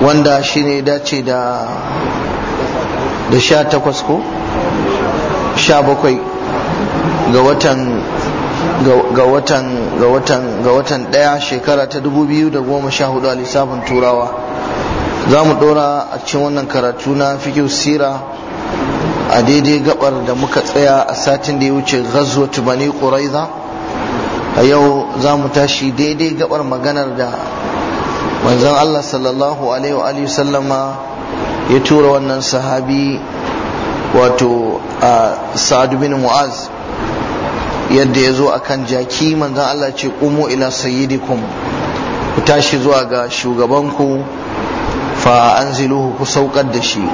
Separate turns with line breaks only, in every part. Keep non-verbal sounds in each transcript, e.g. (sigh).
wanda shi ne dace da da sha takwas ko sha bakwai ga watan ga watan ga watan ga watan daya shekara ta dubu biyu da goma sha hudu a lissafin turawa za mu dora a cikin wannan karatu na fikiyu sira a daidai gabar da muka tsaya a satin da ya wuce ghazwatu bani quraiza a yau za mu tashi daidai gabar maganar da manzan Allah sallallahu alaihi wa alihi sallama ya tura wannan sahabi wato a Sa'ad bin Mu'az yadda ya zo a kan jaki manzan Allah ce qumu ila sayyidikum ku tashi zuwa ga shugabanku fa anziluhu ku saukar da shi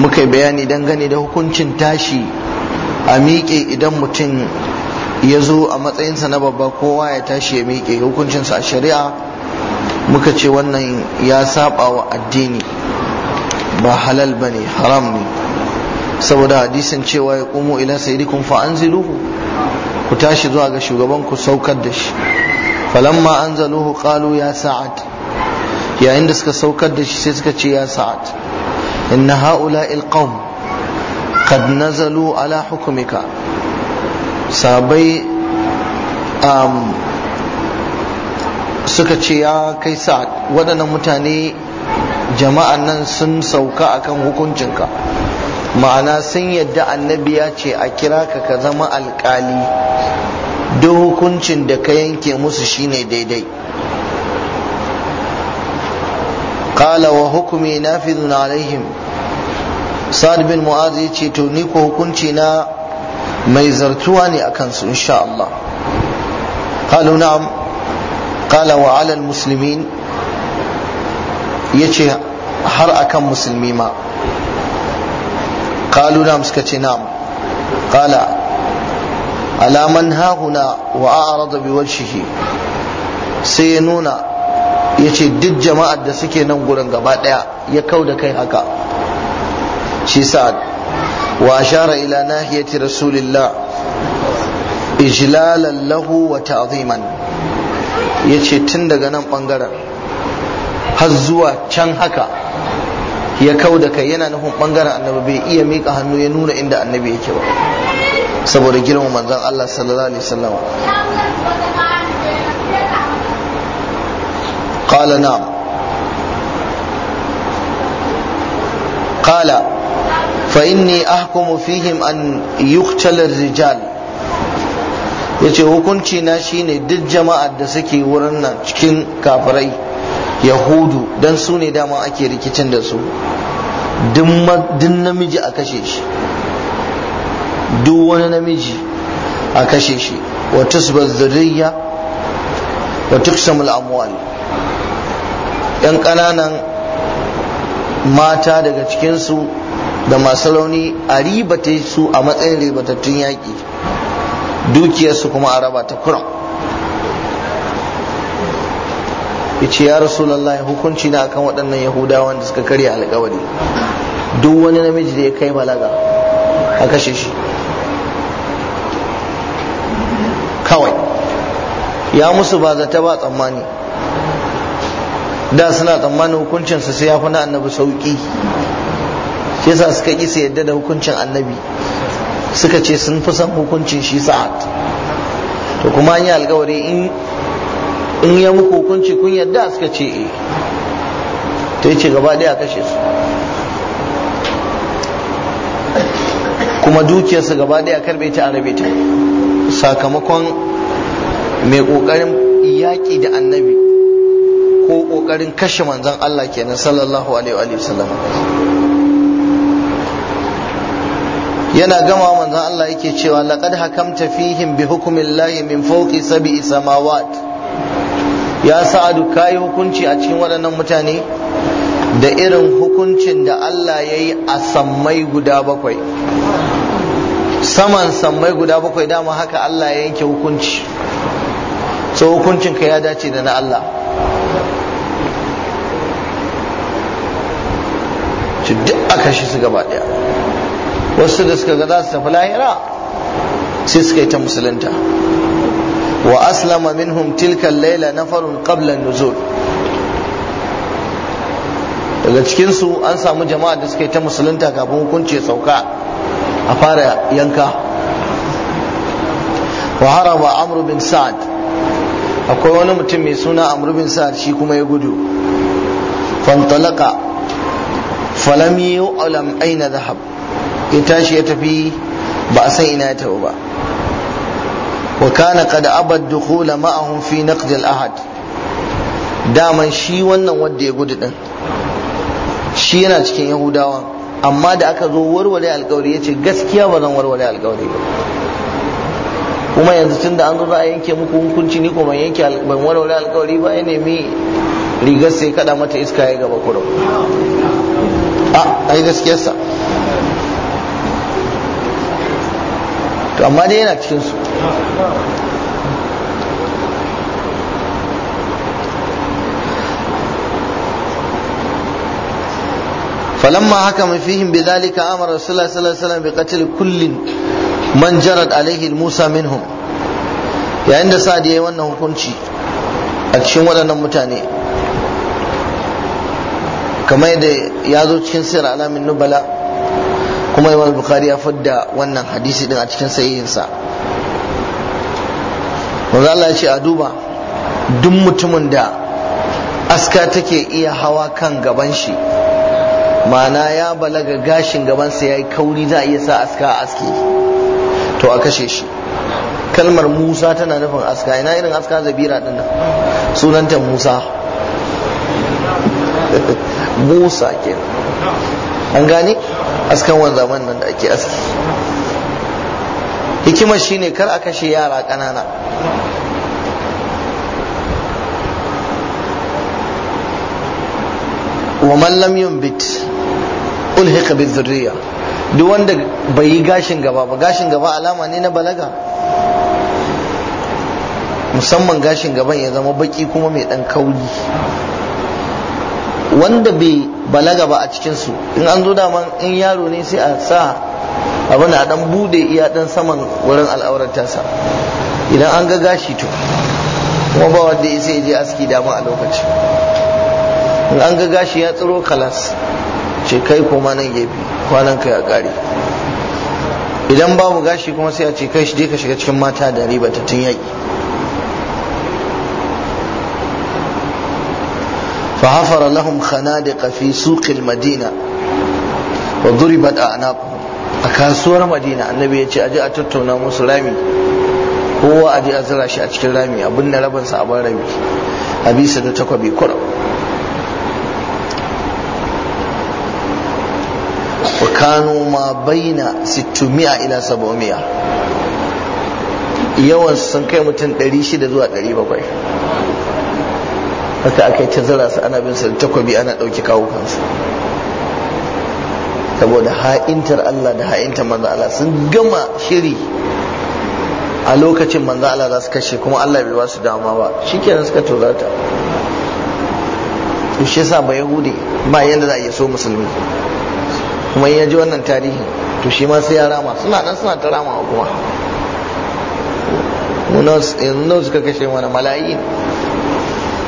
muka bayani dangane da hukuncin tashi a miƙe idan mutum ya zo a matsayinsa na babba kowa ya tashi ya miƙe hukuncinsa a shari'a muka ce wannan ya saba wa addini ba halal ba ne haram ne saboda hadisin cewa ya ƙumo ila sayidikun fa ku tashi zuwa ga shugaban ku saukar da shi falamma anzaluhu qalu ya sa'ad yayin da suka saukar da shi sai suka ce ya sa'ad inna ha'ula'il qaum qad nazalu ala hukumika sabai um, suka ce ya kai sa waɗannan mutane jama'an nan sun sauka a akan hukuncinka ma'ana sun yadda annabi ya ce a kira ka ka zama alkali duk hukuncin da ka yanke musu shine daidai qala wa hukumi nafidun alaihim sa'ad bin mu'az ce to ni ko hukunci na mai zartuwa ne a kansu insha Allah qalu na'am qala wa 'ala al-muslimin yace har akan musulmi ma qalu na'am suka ce na'am qala ala man hahuna wa a'rada bi wajhihi sai ya nuna yace duk jama'ar da suke nan gurin gaba daya ya kau da kai haka shi sa وأشار إلى ناحية رسول الله إجلالا له وتعظيما yace tun daga nan bangaren har zuwa can haka ya kau da kai yana nufin bangaren annabi bai iya miƙa hannu ya nuna inda annabi yake ba saboda girma manzon Allah sallallahu alaihi wasallam qala na'am qala فإني أحكم فيهم أن يقتل الرجال yace hukunci na shine duk jama'ar da suke wurin nan cikin kafirai yahudu dan su ne dama ake rikicin da su duk namiji a kashe shi duk wani namiji a kashe shi wa zuriya wa tuksamul amwal yan kananan mata daga cikinsu da masu rauni a ribata su a matsayin ribatattun yaƙi dukiyarsu kuma a raba ta kuram ce ya rasulullahi hukunci na akan waɗannan yahudawan da suka karya alƙawari duk wani namiji da ya kai balaga a kashe shi kawai ya musu ba zata ba tsammani da suna tsammanin hukuncinsa sai ya fi na annabi sauƙi shi yasa suka ƙi su yadda da hukuncin annabi suka ce sun fi san hukuncin shi sa'ad to kuma an yi alkawari in in ya muku hukunci kun yadda suka ce e eh ta ce gaba ɗaya kashe su kuma dukiyarsu gaba ɗaya karɓe ta arabe ta sakamakon mai ƙoƙarin yaƙi da annabi ko ƙoƙarin kashe manzon Allah kenan sallallahu alaihi wa sallam yana gama manzon Allah yake cewa laqad hakamta fihim bi hukmillahi min fawqi sab'i samawat ya sa'adu kai hukunci a cikin waɗannan mutane da irin hukuncin da Allah ya yi a sammai guda bakwai saman sammai guda bakwai dama haka Allah ya yanke hukunci so hukuncin ka ya dace da na Allah duk aka shi su gaba ɗaya wasu da suka ga za su tafi lahira sai suka yi ta musulunta wa aslama minhum tilkan laila nafarun qabla nuzul daga cikin su an samu jama'a da suka yi ta musulunta kafin hukunci ya sauka a fara yanka wa haraba amru bin sa'ad akwai wani mutum mai suna amru bin sa'ad shi kuma ya gudu fantalaka falam yu'lam aina dhahab ya tashi ya tafi ba a san ina ya tafi ba wa kana qad abad dukhula ma'ahum fi naqd al ahad daman shi wannan wanda ya gudu din shi yana cikin yahudawa amma da aka zo warware alkawari yace gaskiya ba zan warware alkawari ba kuma yanzu tun da an zo za a yanke muku hukunci ni ko ban yanke ban warware alkawari ba ya nemi rigar sai kada mata iska ya gaba kurum a ai gaskiyarsa to amma dai yana cikin su falamma haka mai fihim bai zalika amma rasulullah sallallahu ala'uwa bai katil kullum man jarar alaihi musa minhum yayin da sa da ya wannan hukunci a cikin waɗannan mutane kamar da ya zo cikin sirra alamin Bala. kuma imam bukhari ya fadda wannan hadisi din a cikin sayinsa wanda Allah ya ce a duba duk mutumin da aska take iya hawa kan gaban shi ma'ana ya balaga gashin gabansa ya yi kauri za a iya sa aska a aske to a kashe shi kalmar musa tana nufin aska ina irin aska zabira din nan sunanta musa (laughs) musa kenan an gane askan wani zaman nan da ake aski hikimar shine kar a kashe yara ƙanana wa mallam yin bit ulhika bi zurriya duk wanda bai yi gashin gaba ba gashin gaba alama ne na balaga musamman gashin gaban ya zama baki kuma mai dan kauli wanda bai balaga ba a cikinsu in an zo daman in yaro ne sai a sa abin a dan bude iya dan saman wurin al'aurar sa. idan an ga gashi to kuma ba wanda ya sai je aski dama a lokaci in an ga gashi ya tsiro kalas ce kai kuma nan gefe kwanan kai a kare idan babu gashi kuma sai a ce kai shi je ka shiga cikin mata da riba ta tun yaƙi فحفر لهم خنادق في سوق المدينة وضربت أعناقهم أكاسور مدينة النبي يجي أجي أتتونا مسلمي هو أجي أزرع شيء أشكال رامي أبن لبن صعب رامي أبي سدتك بكرة وكانوا ما بين 600 إلى 700 yawan sun kai mutum 600 zuwa 700 haka aka yi ta su ana bin su takobi ana ɗauki kawo kansu saboda ha'intar Allah da ha'intar manzo Allah sun gama shiri a lokacin manzo Allah za su kashe kuma Allah bai ba su dama ba shikenan suka tozata to shi yasa ba yahudi ba yanda za a iya so musulmi kuma in ya ji wannan tarihin to shi ma sai ya rama suna nan suna ta rama kuma yanzu suka kashe mana mala'in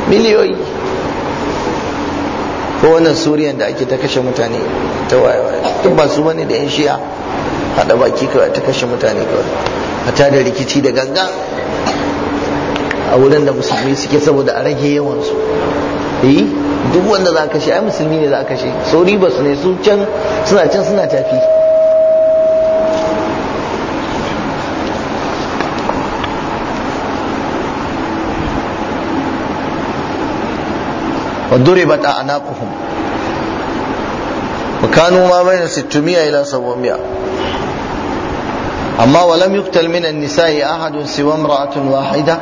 miliyoyi ko wannan suriyan da ake ta kashe mutane ta wayewa duk ba su bane da 'yan shiya hada baki kawai ta kashe mutane kawai a ta da rikici da ganga. a wurin da musulmi suke saboda a rage yawansu eh duk wanda za a kashe ai musulmi ne za a kashe sori ba su ne su can suna can suna tafi wa duribat a'naquhum wa kanu ma bayna 600 ila 700 amma wa lam yuqtal min an-nisa'i ahadun siwa imra'atun wahida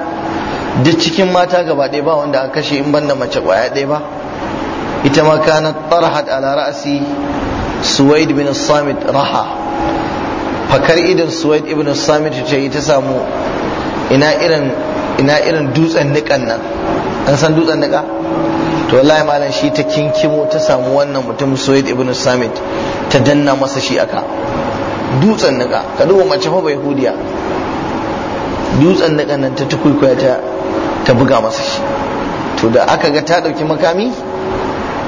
duk cikin mata gaba ɗaya ba wanda aka kashe in banda mace ƙwaya ɗaya ba ita ma kana tarhat ala ra'si suwaid bin samit raha fakar idan suwaid ibn samit ce ita samu ina irin ina irin dutsen nikan nan an san dutsen nika to wallahi malam shi ta kinkimo ta samu wannan mutum Suwaid ibn Samit ta danna masa shi aka dutsen nika ka duba mace fa bai hudiya dutsen nika nan ta tukuikuya ta ta buga masa shi to da aka ga ta dauki makami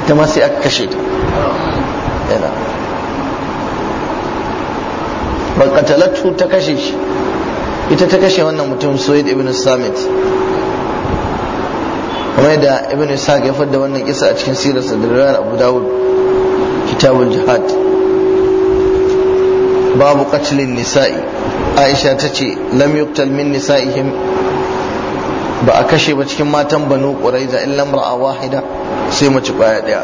ta ma sai aka kashe ta yana ba ta kashe shi ita ta kashe wannan mutum Suwaid ibn Samit kuma yadda ibn ishaq ya da wannan kisa a cikin sirarsa da riwayar abu dawud kitabul jihad babu qatlin nisa'i aisha ta ce lam yuqtal min nisa'ihim ba a kashe ba cikin matan banu quraiza illa mar'a wahida sai mace baya daya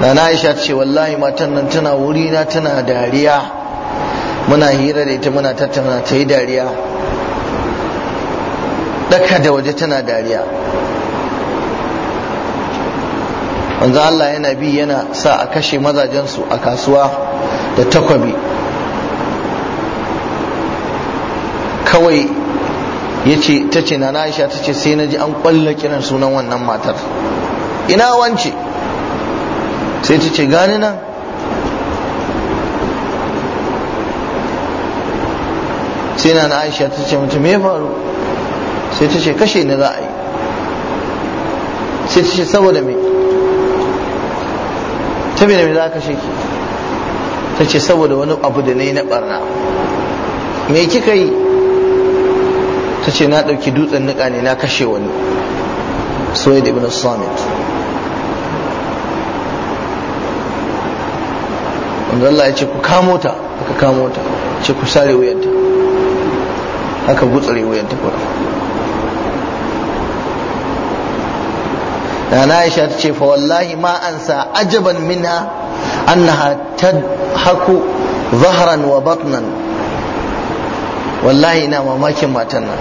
Nana Aisha ce wallahi matan nan tana wuri na tana dariya muna hira da ita muna tattauna ta yi dariya Daka da waje tana dariya wanzu Allah yana bi yana sa a kashe mazajensu a kasuwa da takwabi kawai ya ce ta ce na aisha ta ce sai na ji an kwallo kiran sunan wannan matar ina wance sai ta ce gani nan sai na aisha ta ce mutum ya faru sai ta ce kashe ni za a yi sai ta ce saboda me ta me da me za ka kashe ki ta ce saboda wani abu da na yi na barna me kika yi ta ce na ɗauki dutsen niƙa ne na kashe wani da ibn samit wanda Allah ya ce ku kamo ta aka kamo ta ce ku sare wuyanta aka gutsare wuyanta kawai na aisha ta ce fa wallahi ma ansa ajaban minha annaha tadhaku zahran wa batnan wallahi ina mamakin matan nan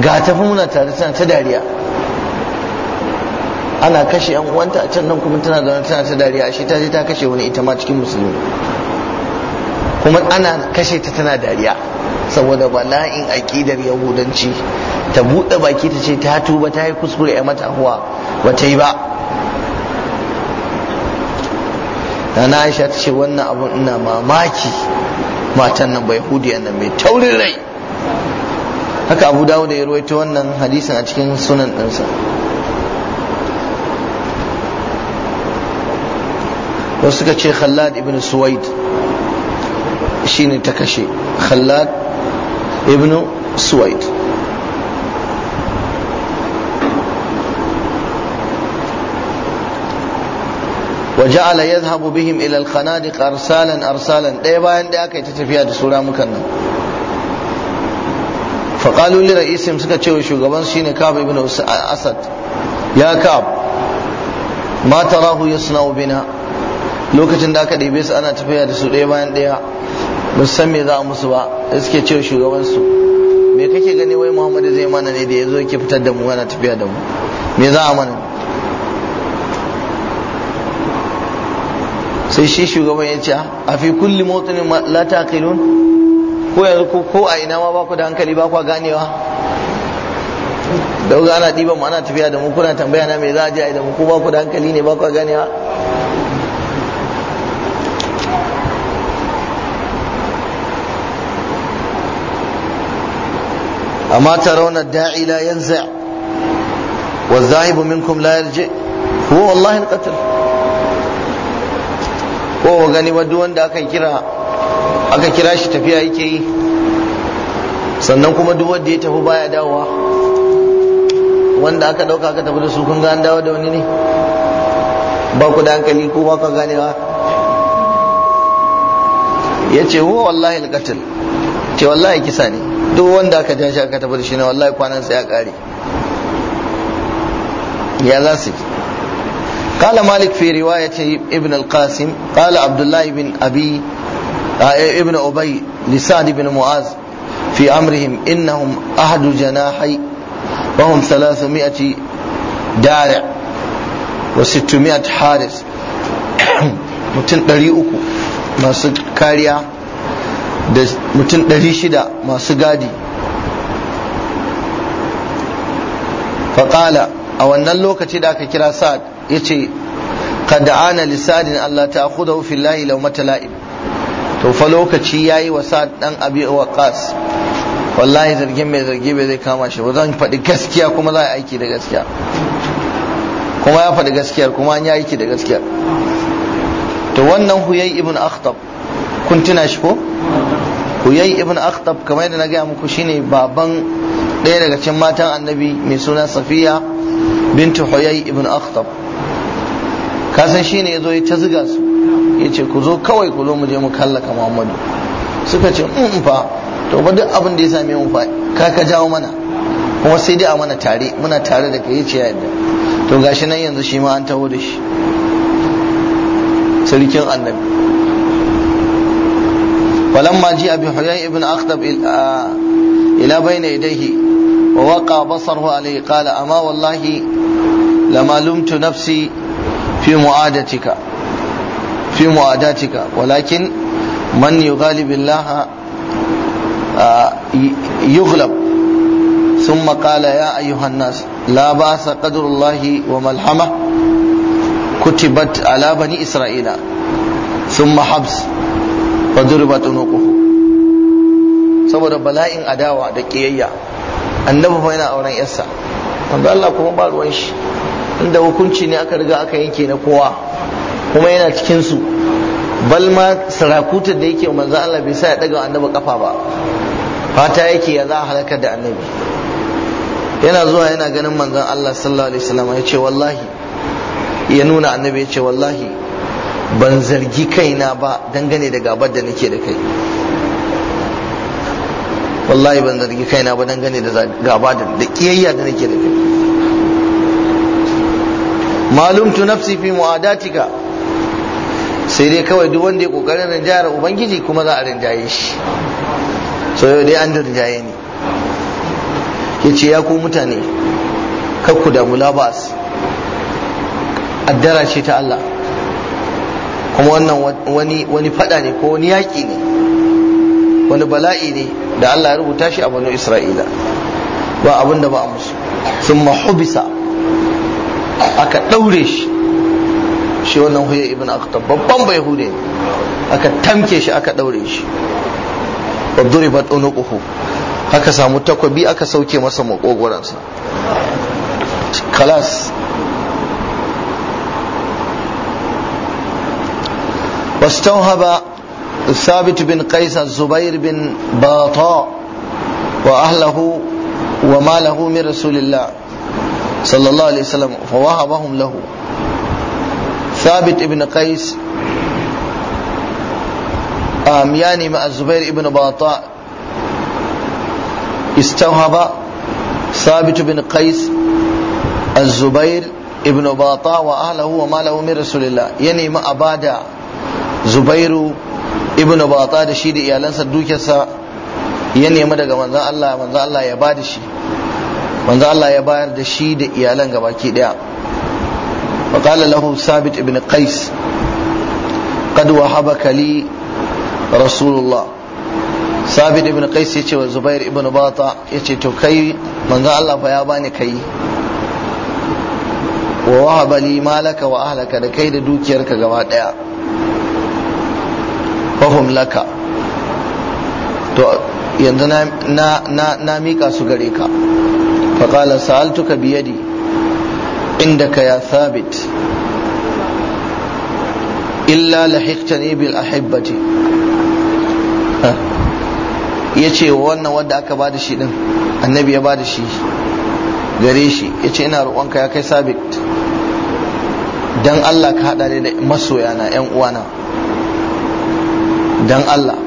ga fi muna tare tana ta dariya ana kashe yan uwanta a can nan kuma tana zaune tana ta dariya shi ta je ta kashe wani ita ma cikin musulmi kuma ana kashe ta tana dariya saboda bala'in aƙidar yahudanci ta buɗe baki ta ce ta tuba ta yi kuskure ya mata huwa ba ta yi ba na aisha ta ce wannan abun ina mamaki matan nan bai hudu yana mai taurin rai haka abu dawo da ya ruwaito wannan hadisin a cikin sunan ɗinsa wasu suka ce khallad ibn suwaid shine ta kashe khallad ibn suwaid وجعل يذهب بهم إلى الخنادق أرسالا arsalan ɗaya bayan ɗaya aka yi ta tafiya da su ramukan nan faƙalu li ra'isim suka ce wa shugaban su shine kaf ibn Asad ya kaf ma tarahu yasna'u bina lokacin da aka ɗebe su ana tafiya da su ɗaya bayan ɗaya ba san me za a musu ba suke ce wa shugaban su me kake gani wai Muhammadu zai mana ne da ya yake fitar da mu ana tafiya da mu me za a mana sai shi shugaban ya ce ah, a fi kulli motsin la taqilun ko yanzu ko a ina ma baku da hankali ba ku ganewa wuga ana ɗiban ana tafiya da mu kuna tambaya na me za a je a yi da mu ko baku da hankali ne baku ganewa أما ترون الداعي لا ينزع والذاهب منكم لا يرجع wallahi والله القتل ko ba gani ba duk wanda aka kira aka kira shi tafiya yake yi sannan kuma duk wanda ya tafi baya dawowa wanda aka dauka aka tafi da su kun ga an dawo da wani ne ba ku da hankali ko ba ka ganewa ya ce huwa wallahi alqatl ce wallahi kisa ne duk wanda aka ja shi aka tafi da shi ne wallahi kwanan sai ya kare ya za su ji قال مالك في رواية ابن القاسم قال عبد الله بن أبي ابن أبي لسعد بن معاذ في أمرهم إنهم أحد جناحي وهم ثلاثمائة دارع وستمائة حارس mutum ɗari uku masu kariya da mutum ɗari shida masu gadi faƙala a wannan lokaci da aka kira sa'ad yace kada ana lisanin Allah ta'khudahu fillahi law matala'ib to fa lokaci yayi wa sa'ad dan abi waqas wallahi zargin mai zargi bai zai kama shi ba zan faɗi gaskiya kuma za a aiki da gaskiya kuma ya faɗi gaskiyar kuma an yi aiki da gaskiyar to wannan huyai ibn akhtab kun tuna shi ko huyai ibn akhtab kamar yadda na gaya muku shine baban ɗaya daga cikin matan annabi mai suna safiya bintu huyai ibn akhtab kasan shi ne ya zo ya ta ziga su ya ce ku zo kawai ku zo mu je mu kallaka muhammadu suka ce in mm, mm, fa to ba duk abin da ya same mu fa ka ka jawo mana kuma sai dai a mana tare muna tare da kai ya ce yadda to gashi nan yanzu shi ma an taho da shi sarkin annabi ma ji abi huyay ibn akhtab ila bayna yadayhi wa waqa basarhu alayhi qala ama wallahi lama lumtu nafsi في معادتك في معاداتك ولكن من يغالب الله يغلب ثم قال يا أيها الناس لا بأس قدر الله وملحمة كتبت على بني إسرائيل ثم حبس وضربت عنقه saboda bala'in adawa da ƙiyayya annabi fa yana auren yarsa wanda Allah kuma ba ruwan shi inda hukunci ne aka riga aka yanke na kowa kuma yana cikin su bal ma sarakutar da yake manzo Allah bai sa ya daga annabi kafa ba fata yake ya za halakar da annabi yana zuwa yana ganin manzon Allah sallallahu alaihi wasallam ya ce wallahi ya nuna annabi ya ce wallahi ban zargi kaina ba dangane da gabar da nake da kai wallahi ban zargi kaina ba dangane da gaba da kiyayya da nake da kai malumtu nafsi fi mu'adatika sai dai kawai duk wanda ya kokarin rinjayar ubangiji kuma za a rinjaye shi so yau dai an da rinjaye ne ya ce ya ku mutane kakku damu labas addara ce ta Allah kuma wannan wani wani fada ne ko wani yaƙi ne wani bala'i ne da Allah ya rubuta shi a banu Isra'ila ba abin da ba a musu sun mahubisa aka ɗaure shi shi wannan huya ibn akhtab babban bai hude aka tamke shi aka ɗaure shi ba duribat ƙuhu aka samu takwabi aka sauke masa maƙogoransa kalas Wasu واستوهب ثابت بن قيس الزبير بن باطاء وأهله وماله من رسول الله صلى الله عليه وسلم فوهبهم له ثابت ابن قيس يعني مع الزبير ابن باطاء استوهب ثابت بن قيس الزبير ابن باطاء وأهله وماله من رسول الله يعني ما أبادا زبير ابن باطاء شيد إيالنسا دوكسا يعني ما دقا منذ الله منذ الله يبادشي manzo Allah ya bayar da shi da iyalan gabaki daya wa qala lahu sabit ibn qais qad wahabaka li rasulullah sabit ibn qais yace wa zubair ibn bata yace to kai manzo Allah fa ya bani kai wa wahaba li malaka wa ahlaka da kai da dukiyarka gaba daya hum laka to yanzu na mika su gare ka فقال سألتك بيدي عندك يا ثابت إلا لحقتني بالأحبة ya ce wannan wanda aka ba da shi din annabi ya ba da shi gare shi ya ce ina roƙonka ya kai sabit dan Allah ka hada haɗa da masoyana 'yan uwana dan Allah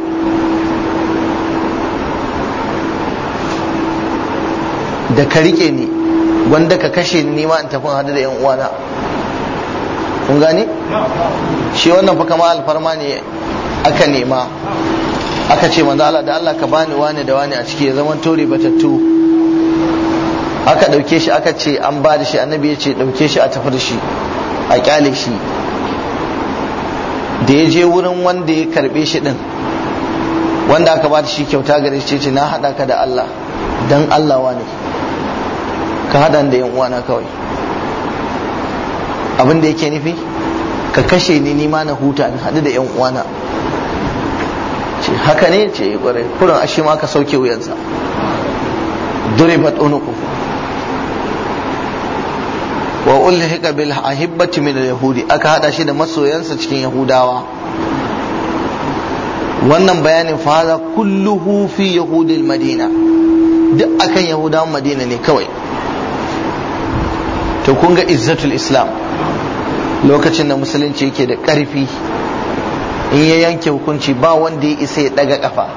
da ka rike ni wanda ka kashe ni ma in tafi hadu da yan uwana kun gane shi wannan fa kama alfarma ne aka nema aka ce manzo Allah da Allah ka bani wani da wani a ciki ya zaman tore batattu aka dauke shi aka ce an ba da shi annabi ya ce dauke shi a tafi da shi a kyale shi da ya je wurin wanda ya karbe shi din wanda aka ba da shi kyauta gare shi ce na hada ka da Allah dan Allah wani ka hada da yan uwana kawai abin da yake nufi ka kashe ni ni ma na huta in hadu da yan uwana ce haka ne ce kwarai kuran ashe ma ka sauke wuyansa duribat unuku wa hika bil ahibbati min yahudi aka hada shi da masoyansa cikin yahudawa wannan bayanin fara kulluhu fi yahudil madina duk akan yahudawan madina ne kawai to kun ga izzatul islam lokacin da musulunci yake da karfi in ya yanke hukunci ba wanda ya isa ya daga kafa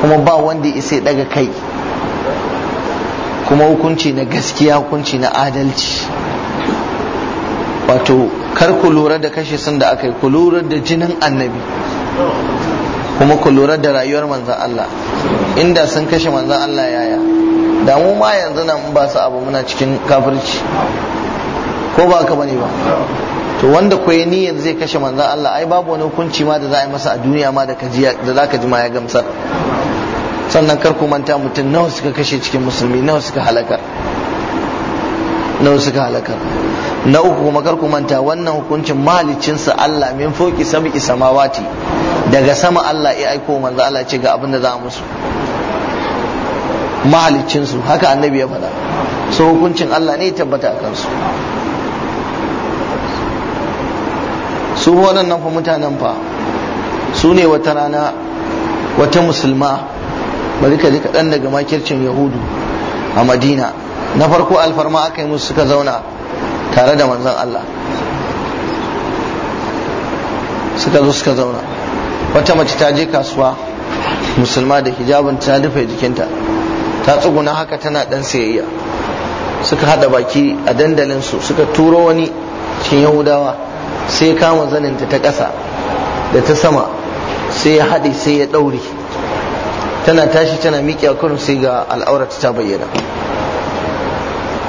kuma ba wanda ya isa ya daga kai kuma hukunci na gaskiya hukunci na adalci wato kar ku lura da kashe sun da aka yi ku lura da jinin annabi kuma ku lura da rayuwar manzan Allah inda sun kashe manzan Allah yaya da mu ma yanzu nan ba su abu muna cikin kafirci ko ba ka bane ba to wanda ko ya niyyar zai kashe manzan Allah ai babu wani hukunci ma da za a yi masa a duniya ma da za ka ji ma ya gamsar sannan kar ku manta mutum nawa suka kashe cikin musulmi nawa suka halaka nawa suka halaka na uku kuma kar ku manta wannan hukuncin malicinsa Allah min foki sab'i samawati daga sama Allah ya aiko manzan Allah ce ga abin da za a musu mahaliccinsu haka annabi ya faɗa so hukuncin Allah ne ya tabbata a kansu su waɗannan fa mutanen fa su ne wata rana wata musulma bari ka ji ɗan daga makircin yahudu a madina na farko alfarma aka yi musu suka zauna tare da manzon Allah suka zo suka zauna wata mace ta je kasuwa musulma da hijabin ta rufe jikinta ta tsuguna haka tana dan sayayya suka hada baki a dandalin su suka turo wani cikin yahudawa sai kama zaninta ta ƙasa da ta sama sai ya haɗe sai ya ɗaure tana tashi tana miƙe a kurin sai ga al'aurata ta bayyana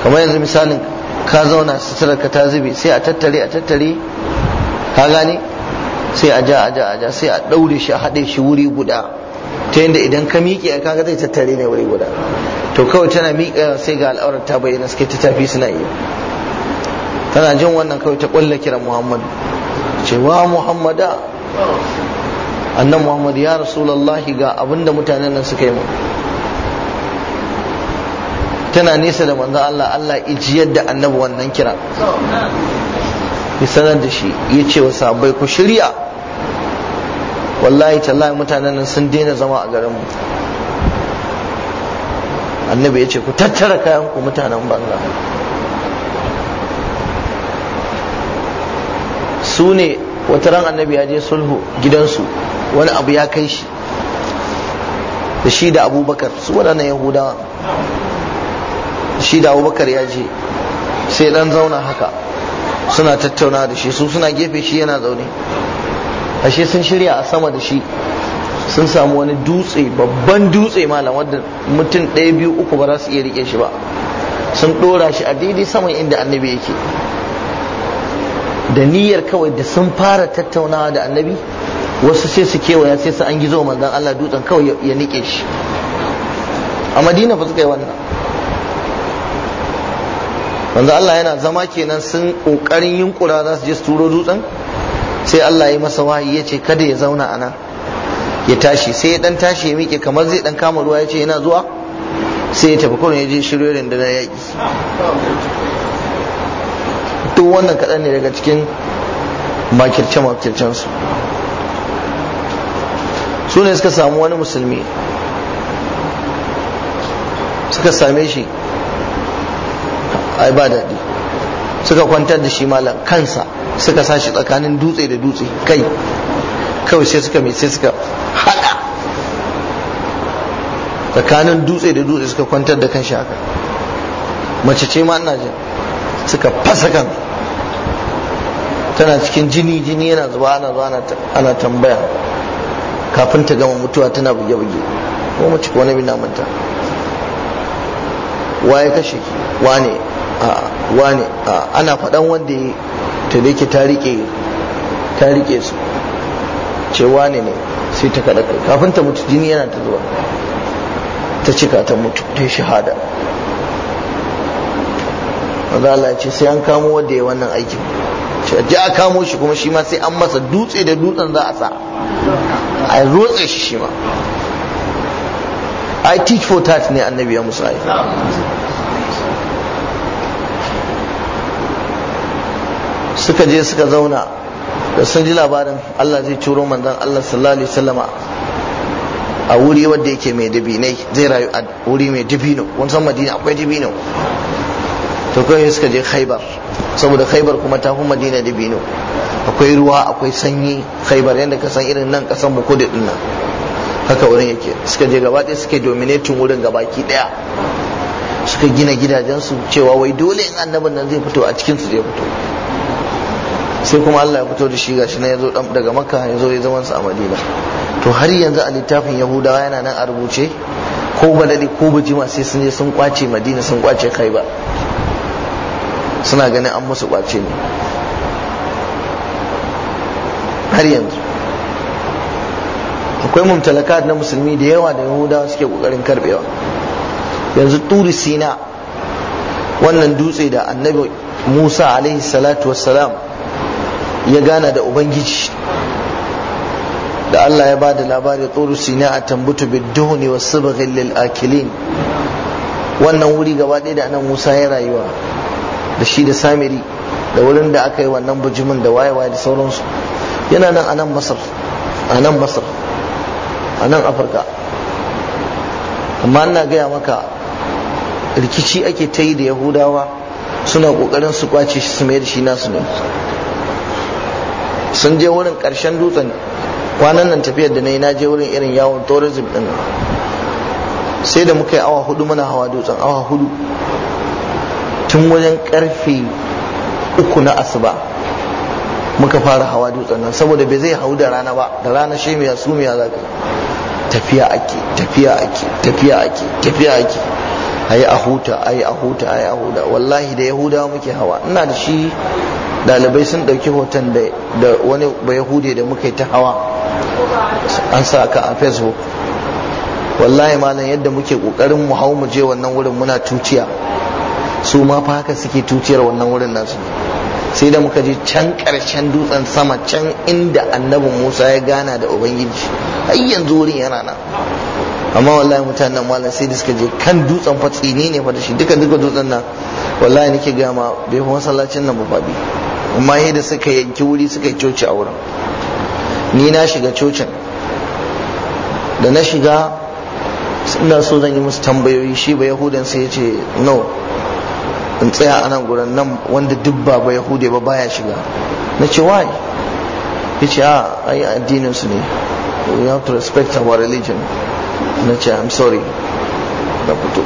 kamar yanzu misalin ka zauna ka ta zube sai a tattare a tattare ka gane sai a ja a ja a ja sai a ɗaure shi a haɗe shi wuri guda ta yadda idan ka miƙe a kaga zai tattare ne wuri guda to kawai tana miƙa sai ga al'aurar ta bayyana suke ta tafi suna iya tana jin wannan kawai ta ƙulla kira muhammadu ce wa muhammada annan muhammad ya rasulallahi ga abinda mutanen nan suka yi mu tana nesa da manzon Allah Allah ijiyar da annabi wannan kira ya sanar da shi ya ce wa sahabbai ku shirya wallahi tallahi mutanen nan sun daina zama a garin mu annabi ya ce ku tattara kayan ku mutanen banza su ne wata ran annabi ya je sulhu gidansu wani abu ya kai shi da shi da abubakar su waɗannan yahudawa shi da abubakar ya je sai dan zauna haka suna tattauna da shi su suna gefe shi yana zaune ashe sun shirya a sama da shi sun samu wani dutse babban dutse malam wadda mutum ɗaya biyu uku ba za su iya rike shi ba sun ɗora shi a daidai saman inda annabi yake da niyyar kawai da sun fara tattaunawa da annabi wasu sai su kewaya sai su an gizo manzan Allah dutsen kawai ya nike shi a madina ba su kai wannan manzan Allah yana zama kenan sun ƙoƙarin yunƙura za su je su turo dutsen sai Allah ya masa wahayi ya ce kada ya zauna a ya tashi sai ya dan tashi ya miƙe kamar zai dan kama ruwa ya ce yana zuwa sai ya tafi kurin ya je shiryo da na yaƙi duk wannan kaɗan ne daga cikin makirce-makircensu su sune suka samu wani musulmi suka same shi ai ba daɗi suka kwantar da shi malam kansa suka sashi tsakanin dutse da dutse kai kawai sai suka mai sai suka hada tsakanin dutse da dutse suka kwantar da kan haka mace ce ma ina jin suka fasa kan tana cikin jini jini yana zuba ana zuwa ana tambaya kafin ta gama mutuwa tana buge-buge ko mace ko wani bi na waye kashe ki wane wani ana faɗan wanda ya ta dake ta rike su ce wani ne sai ta kaɗa kafin ta mutu jini yana ta zuwa ta cika ta mutu ta shahada wadala ce sai an kamo wanda ya wannan aikin ce ji a kamo shi kuma shi ma sai an masa dutse da dutsen za a sa a rotse shi shi ma i teach for that ne annabi ya musa suka je suka zauna da sun ji labarin Allah zai turo manzon Allah sallallahu alaihi wasallama a wuri wanda yake mai dabinai zai rayu a wuri mai dabino kun san Madina akwai dabino to kai suka je Khaibar saboda Khaibar kuma ta fi Madina dabino akwai ruwa akwai sanyi Khaibar yadda ka san irin nan kasan mu kudu din nan haka wurin yake suka je gaba ɗaya suke dominating wurin gabaki ɗaya suka gina gidajensu cewa wai dole in annabin nan zai fito a cikin su zai fito sai kuma Allah ya fito da shi gashi na yazo daga makka ya zo ya zama sa a madina to har yanzu a littafin yahudawa yana nan a rubuce ko baladi ko bujima sai sun je sun kwace madina sun kwace kai ba suna ganin an musu kwace ne har yanzu akwai mumtalakat na musulmi da yawa da yahudawa suke kokarin karbewa yanzu turi sina wannan dutse da annabi musa alaihi salatu wassalam ya gana da ubangiji da Allah ya ba da labari tsoro sina a tambutu bidduhuni wa subghil lil akilin wannan wuri gaba ɗaya da nan Musa ya rayuwa da shi da Samiri da wurin da aka yi wannan bujumin da wayewa da sauransu yana nan a nan Masar a nan Masar a nan Afirka amma ina gaya maka rikici ake ta yi da Yahudawa suna kokarin su kwace shi su mai da shi nasu ne sun je wurin karshen dutsen kwanan nan tafiyar da na yi na je wurin irin yawon tourism din sai da muka yi awa hudu muna hawa dutsen awa hudu tun wajen karfe uku na asuba muka fara hawa dutsen nan saboda bai zai hau da rana ba da rana shi mai su mai za tafiya ake tafiya ake tafiya ake tafiya ake ayi a huta ayi a huta ayi a huta wallahi da yahudawa muke hawa ina da shi dalibai sun ɗauki hoton da wani bayahude da muka yi ta hawa an sa ka a facebook wallahi malam yadda muke kokarin mu hau mu je wannan wurin muna tuciya su ma fa haka suke tuciyar wannan wurin nasu sai da muka je can karshen dutsen sama can inda annabi Musa ya gana da ubangiji har yanzu wurin yana nan amma wallahi mutanen malam sai da suka je kan dutsen fa tsini ne fa da shi duka duka dutsen nan wallahi nake gama bai kuma masallacin nan ba bi amma da suka yanki wuri suka yi coci a wurin ni na shiga cocin da na shiga suna so zan yi musu tambayoyi shi ba yahudan sai ya ce no in tsaya a nan gurin nan wanda duk ba ba yahude ba baya shiga na ce why ya ce a ah, ai addinin su ne we have to respect our religion na ce i'm sorry na fito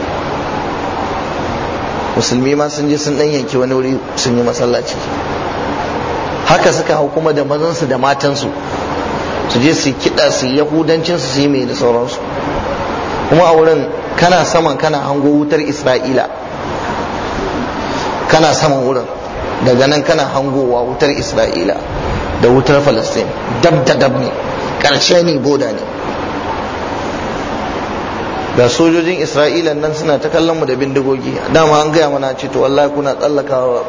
musulmi ma sun je sun dan yanki wani wuri sun yi masallaci haka suka hau kuma da mazansu da matansu su je su kiɗa su yahudancin su yi mai da sauransu kuma a wurin kana saman kana hango wutar isra'ila kana saman wurin daga nan kana hangowa wutar isra'ila da wutar falastin dab da dab ne ƙarshe ne boda ne ga sojojin isra'ila nan suna ta kallon mu da bindigogi dama an gaya mana ce to wallahi kuna tsallakawa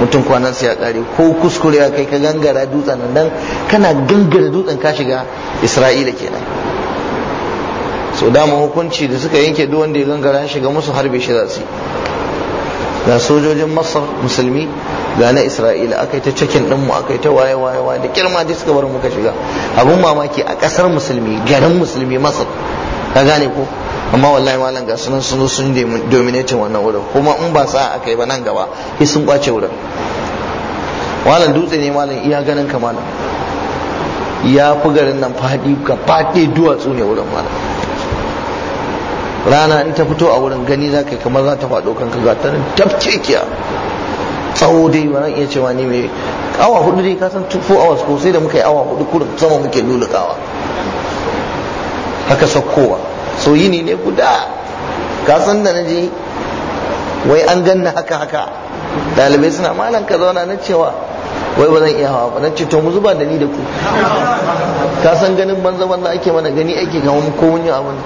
mutum kwanan su ya kare ko kuskure ya kai ka gangara dutsen nan dan kana gangara dutsen ka shiga isra'ila kenan so dama hukunci da suka yanke duk wanda ya gangara shiga musu harbe shi za su sojojin masar musulmi ga na isra'ila akai ta cikin ɗinmu mu akai ta waye waye waye da kirma da suka bar muka shiga abun mamaki a kasar musulmi garin musulmi masar ka gane ko amma wallahi malam ga sunan sun sun dominate wannan wurin kuma in ba sa aka yi ba nan gaba sai sun kwace wurin malam dutse ne malam iya ganin ka malam ya fi garin nan fadi ka fadi duwatsu ne wurin malam rana in ta fito a wurin gani za ka kamar za ta faɗo kanka ga ta tafce kiya tsawo dai ba iya cewa ni mai awa hudu dai kasan 4 hours ko sai da muka yi awa hudu kurin sama muke lulukawa haka sakkowa so yi ne guda ka san da je wai an ganna haka haka dalibai suna malam ka zauna na cewa wai ba zan iya hawa ba na ce to mu zuba da ni da ku ka san ganin banza banza ake mana gani ake kawo mu ko yi abin.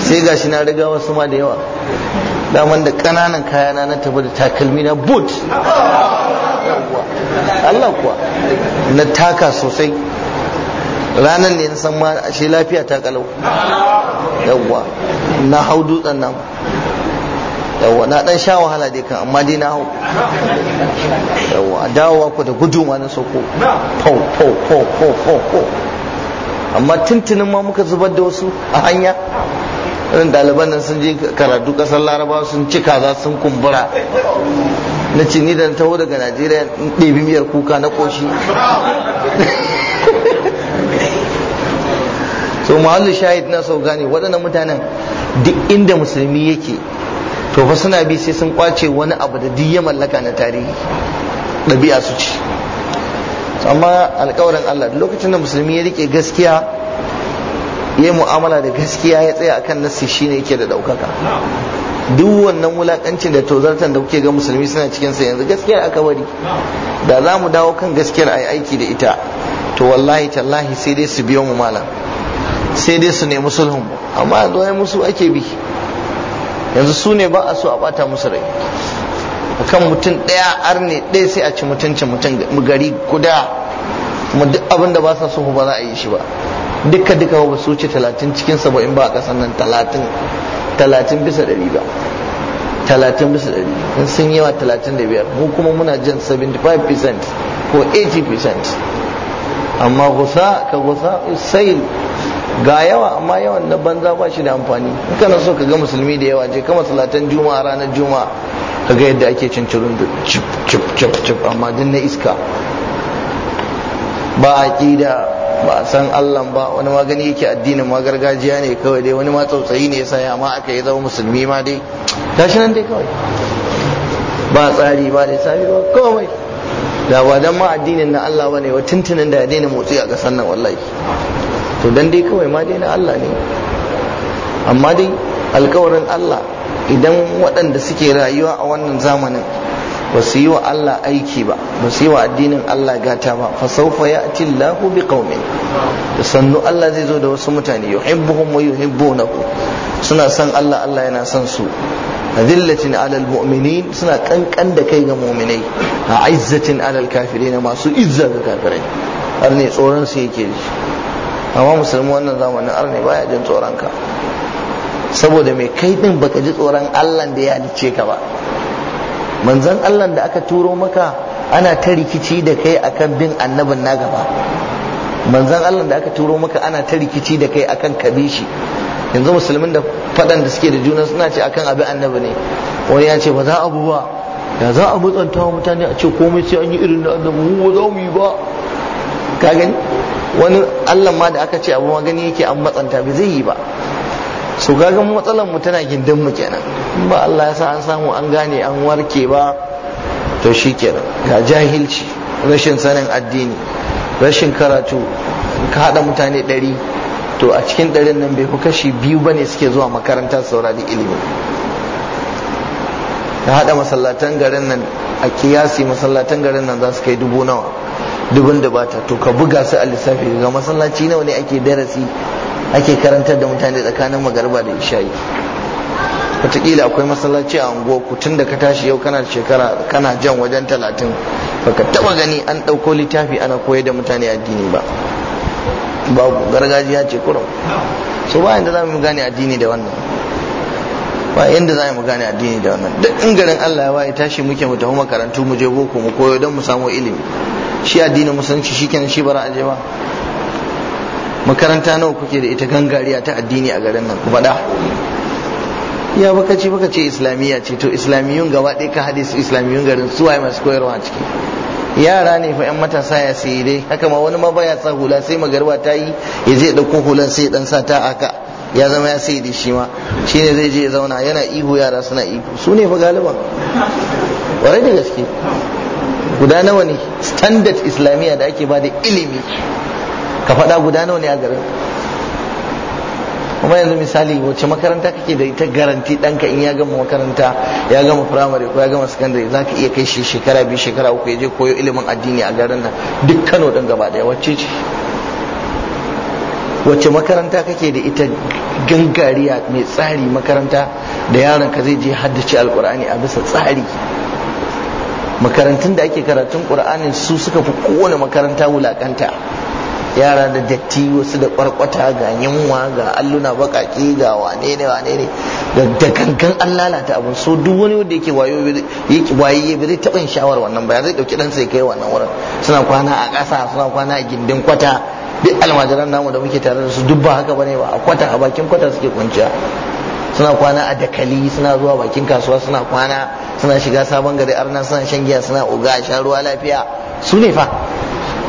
sai gashi na riga wasu ma da yawa daman da kananan kayana na tafi da takalmi na boot Allah kuwa na taka sosai ranar ne na san ma ashe lafiya ta kalau yawwa na hau dutsen nan yawwa na dan sha wahala dai kan amma dai na hau yawwa dawowa ku da gudu ma na soko pau pau pau pau pau pau amma tuntunin ma muka zubar da wasu a hanya irin daliban nan sun je karatu kasar laraba sun ci kaza sun kumbura na ce ni da taho daga najeriya ɗebi miyar kuka na ƙoshi to muhallu shahid na sau gane waɗannan mutanen duk inda musulmi yake to fa suna bi sai sun kwace wani abu da duk ya mallaka na tarihi ɗabi'a su ce amma alkawarin Allah lokacin da musulmi ya rike gaskiya ya yi mu'amala da gaskiya ya tsaya akan nassi ne yake da ɗaukaka duk wannan wulakancin da tozartan da kuke ga musulmi suna cikin sa yanzu gaskiyar aka bari da za mu dawo kan gaskiyar a yi aiki da ita to wallahi tallahi sai dai su biyo mu malam sai dai su nemi sulhun amma yanzu ai musu ake bi yanzu su ne ba a so a bata musu rai kan mutum ɗaya arne ɗaya sai a ci mutuncin mutum gari guda kuma duk abin da ba sa so ba za a yi shi ba duka duka ba su ce talatin cikin saba'in ba a ƙasar nan talatin talatin bisa ɗari ba talatin bisa ɗari in sun yawa talatin da biyar mu kuma muna jan 75% ko 80% amma gusa ka gusa usail ga yawa amma yawan na banza ba shi da amfani in kana so ka ga musulmi da yawa je ka masalatan juma'a ranar juma'a ka ga yadda ake cincirin da cip cip cip cip amma din na iska ba aqida ba a san Allah ba wani ma gani yake addinin ma gargajiya ne kawai dai wani ma tsautsayi ne yasa amma aka yi zama musulmi ma dai gashi nan dai kawai ba tsari ba dai sabi ba komai da ba dan ma addinin na Allah bane wa tuntunan da ya daina motsi a kasan nan wallahi to dan dai kawai ma dai na Allah ne amma dai alkawarin Allah idan waɗanda suke rayuwa a wannan zamanin ba su yi wa Allah aiki ba ba su yi wa addinin Allah gata ba fa sawfa ya'ti Allahu biqaumin da sannu Allah zai zo da wasu mutane yuhibbuhum wa yuhibbunahu suna son Allah Allah yana son su azillatin alal mu'minin suna kankan da kai ga mu'minai a izzatin alal na masu izza ga kafirai har ne tsoron su yake shi amma musulmi wannan zamanin arne baya jin tsoron ka saboda mai kai din baka ji tsoron Allah da ya dace ka ba manzon Allah da aka turo maka ana ta rikici da kai akan bin annabin na gaba manzon Allah da aka turo maka ana ta rikici da kai akan kabishi yanzu musulmin da fadan da suke da juna suna ce akan abin annabi ne wani ya ce ba za abu ba ya za a mutsanta mutane a ce komai sai an yi irin da annabi mu ba za mu yi ba ka gani wani allah ma da aka ce abu magani yake an matsanta bai zai yi ba su gaga matsalar mu tana gindin mu kenan ba allah ya sa an samu an gane an warke ba to shi kenan ga jahilci rashin sanin addini rashin karatu ka haɗa mutane ɗari to a cikin ɗarin nan bai fi kashi biyu ba ne suke zuwa makaranta saurari ilimi ka haɗa masallatan garin nan a kiyasi masallatan garin nan za su kai dubu nawa dubin da bata to ka buga su a lissafi ga masallaci nawa ne ake darasi ake karantar da mutane tsakanin magarba da isha'i wataƙila akwai masallaci a unguwarku tun da ka tashi yau kana shekara kana jan wajen talatin baka taba gani an ɗauko littafi ana koyar da mutane addini ba babu gargajiya ce kurum so ba yanda za mu gane addini da wannan ba yanda za mu gane addini da wannan duk in garin Allah ya waye tashi muke mu tafi makarantu mu je boko mu koyo don mu samu ilimi shi addinin musulunci shi kenan shi bara aje ba makaranta nawa kuke da ita gangariya ta addini a garin nan faɗa ya baka ce baka ce islamiyya ce to islamiyun gaba ɗaya ka hadis islamiyun garin su waye masu koyarwa a ciki yara ne fa yan matasa ya sayi dai haka ma wani ma baya sa hula sai magarba ta yi ya je ɗauko hulan sai ɗan sa ta aka ya zama ya sayi da shi ma shi ne zai je ya zauna yana ihu yara suna ihu su ne fa galiban ƙwarai da gaske guda nawa ne standard islamiyya da ake bada ilimi ka faɗa guda nawa ne a garin kuma yanzu misali wacce makaranta kake da ita garanti ɗanka in ya gama makaranta ya gama firamare ko ya gama sakandare za ka iya kai shi shekara biyu shekara uku ya je koyo ilimin addini a garin nan duk kano ɗin gaba ɗaya wacce ce wacce makaranta kake da ita gangariya mai tsari makaranta da yaron ka zai je haddace alkur'ani a bisa tsari makarantun da ake karatun qur'anin su suka fi kowane makaranta wulakanta yara da datti wasu da kwarkwata ga yunwa ga alluna bakaki ga wane ne wane ne da kankan an lalata abin so duk wani wanda yake wayo waye ya bi taɓa yin shawar wannan ba zai ɗauki ɗansa ya kai wannan wurin suna kwana a ƙasa suna kwana a gindin kwata duk almajiran namu da muke tare da su duk ba haka bane ba a kwata a bakin kwata suke kwanciya suna kwana a dakali suna zuwa bakin kasuwa suna kwana suna shiga sabon gari arna suna shan giya suna uga a sha ruwa lafiya su ne fa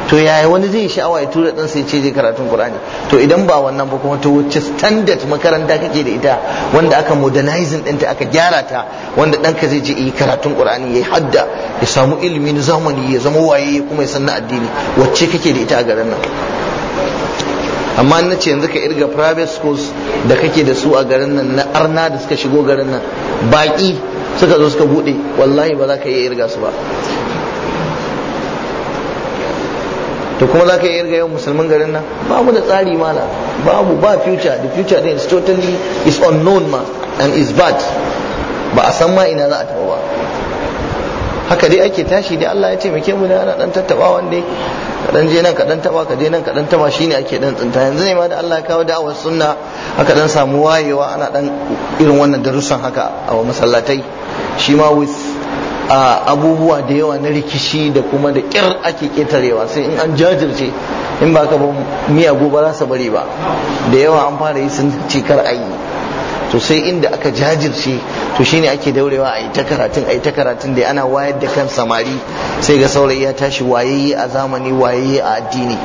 to yaya wani zai sha'awa ya tura ɗansa ya ce zai karatun Qur'ani to idan ba wannan ba kuma to wacce standard makaranta kake da ita wanda aka modernizing ɗinta aka gyara ta wanda ɗanka zai je yi karatun Qur'ani ya hadda ya samu ilimin zamani ya zama waye kuma ya san na addini wacce kake da ita a garin nan amma na ce yanzu ka irga private schools da kake da su a garin nan na arna da suka shigo garin nan baki suka zo suka bude wallahi ba za ka iya irga su ba to kuma za ka iya irga yau musulmin garin nan babu da tsari mala babu ba future the future din is totally is unknown ma and is bad ba a san ma ina za a taba ba haka dai ake tashi dai Allah ya taimake mu da ana dan tattabawa wanda kaɗan je nan kaɗan taba ka je nan kaɗan taba shine ake dan tsinta yanzu ne ma da Allah ya kawo da'awar sunna aka dan samu wayewa ana dan irin wannan darussan haka a masallatai shi ma with abubuwa da yawa na rikici da kuma da kyar ake ketarewa sai in an jajirce in ba ka ba miyago ba za su bari ba da yawa an fara yi sun ce kar ayi to sai inda aka jajirce to shine ake daurewa a yi ta karatun a yi ta karatun da ana wayar da kan samari sai ga saurayi ya tashi wayayye a zamani wayayye a addini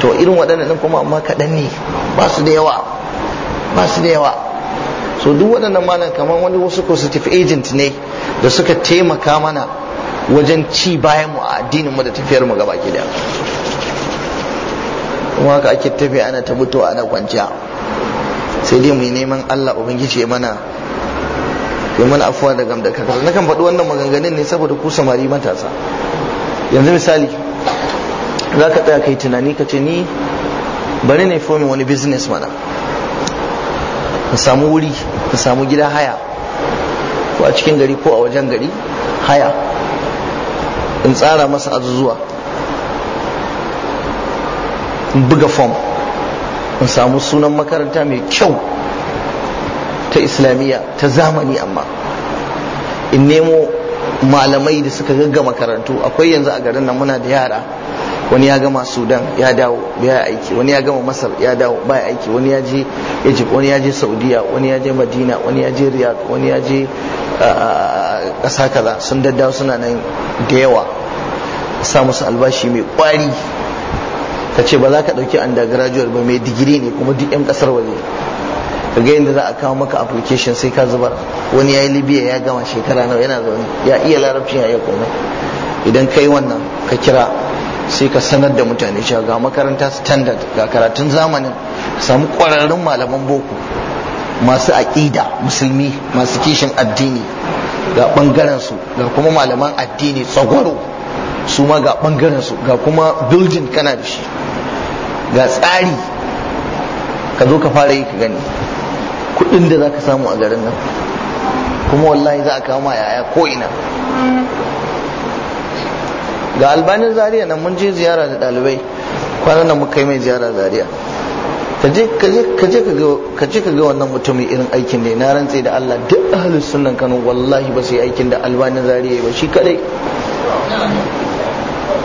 to irin waɗannan kuma amma kaɗan ne ba su da yawa ba su da yawa so duk waɗannan malam kamar wani wasu positive agent ne da suka taimaka mana wajen ci bayan mu a addinin mu da tafiyar mu gaba ki kuma haka ake tafiya ana ta mutuwa ana kwanciya sai dai mu yi neman Allah ubangiji ya mana ya mana afuwa da gamda kakar na kan faɗi wannan maganganun ne saboda ku samari matasa yanzu misali za ka tsaya kai tunani ka ce ni bari ne fomin wani business mana ka samu wuri ka samu gida haya ko a cikin gari ko a wajen gari haya in tsara masa azuzuwa in buga form kun samu sunan makaranta mai kyau ta islamiyya ta zamani amma in nemo malamai da suka gagga makarantu akwai yanzu a garin nan muna da yara wani ya gama sudan ya dawo ya aiki wani ya gama masar ya dawo ba aiki wani ya je egypt wani ya je saudiya wani ya je madina wani ya je riyadh wani ya je kasa kaza sun daddawa suna nan da yawa sa musu albashi mai ƙwari ka ce ba za ka ɗauki undergraduate ba mai digiri ne kuma duk 'yan ƙasar waje ka ga yadda za a kawo maka application sai ka zubar wani ya yi libya ya gama shekara nawa yana zaune ya iya larabcin ya iya komai idan ka yi wannan ka kira sai ka sanar da mutane cewa ga makaranta standard ga karatun zamanin samu kwararrun malaman boko masu aƙida musulmi masu kishin addini ga ɓangaren su ga kuma malaman addini tsagwaro su ma ga bangaren su ga kuma biljin kana da shi ga tsari ka zo ka fara yi ka gani kudin da za ka samu a garin nan kuma wallahi za a kama yaya ko ina ga albanin zariya nan mun je ziyara da dalibai kwanan nan muka yi mai ziyara zariya ka je ka ga wannan mutumin irin aikin da na rantse da Allah duk ahlus sunnan Kano wallahi ba su yi aikin da albanin zariya ba shi kadai